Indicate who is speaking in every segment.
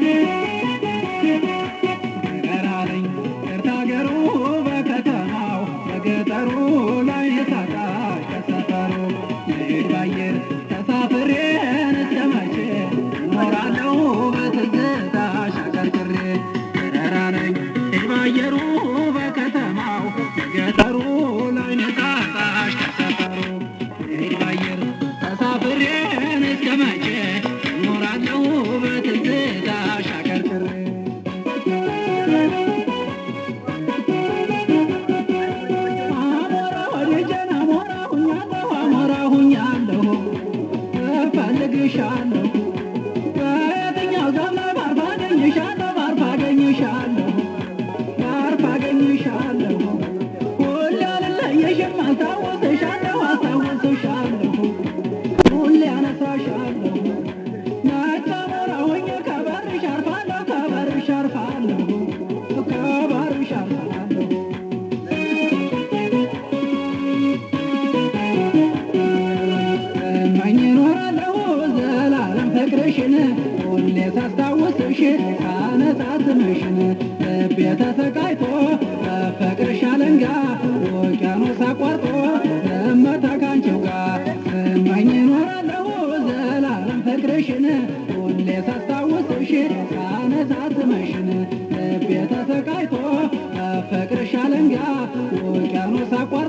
Speaker 1: Thank you.
Speaker 2: ባልነግርሻለሁ እየቀናኝ እኖራለሁ ዘላለም ፍቅርሽን ሁሌ ሳስታውስሽ ካነሳስምሽን ልቤ ተሰቃይቶ በፍቅርሽ አለንጋ ውቅያኖስ አቋርጦ ዘመታ ካንቺው ጋር ቀናኝ እኖራለሁ ዘላለም ፍቅርሽን ሁሌ ሳስታውስሽ ካነሳስምሽን ልቤ ተሰቃይቶ በፍቅርሽ አለንጋ ውቅያኖስ አቋርጦ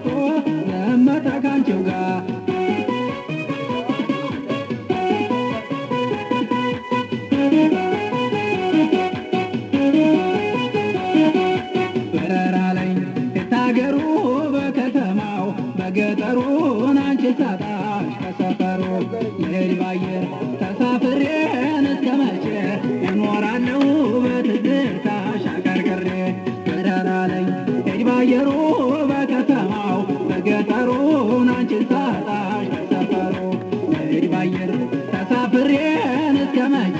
Speaker 1: በሀገሩ በከተማው በገጠሩ ናንቺ ሳጣሽ ከሰፈሩ ልሄድ ባየር ተሳፍሬ እስከ መቼ እኖራለሁ በትዝታሽ አቀርቅሬ በረራ ነኝ ባየሩ በከተማው በገጠሩ ናንቺ ሳጣሽ ከሰፈሩ ልሄድ ባየር ተሳፍሬ እስከ መቼ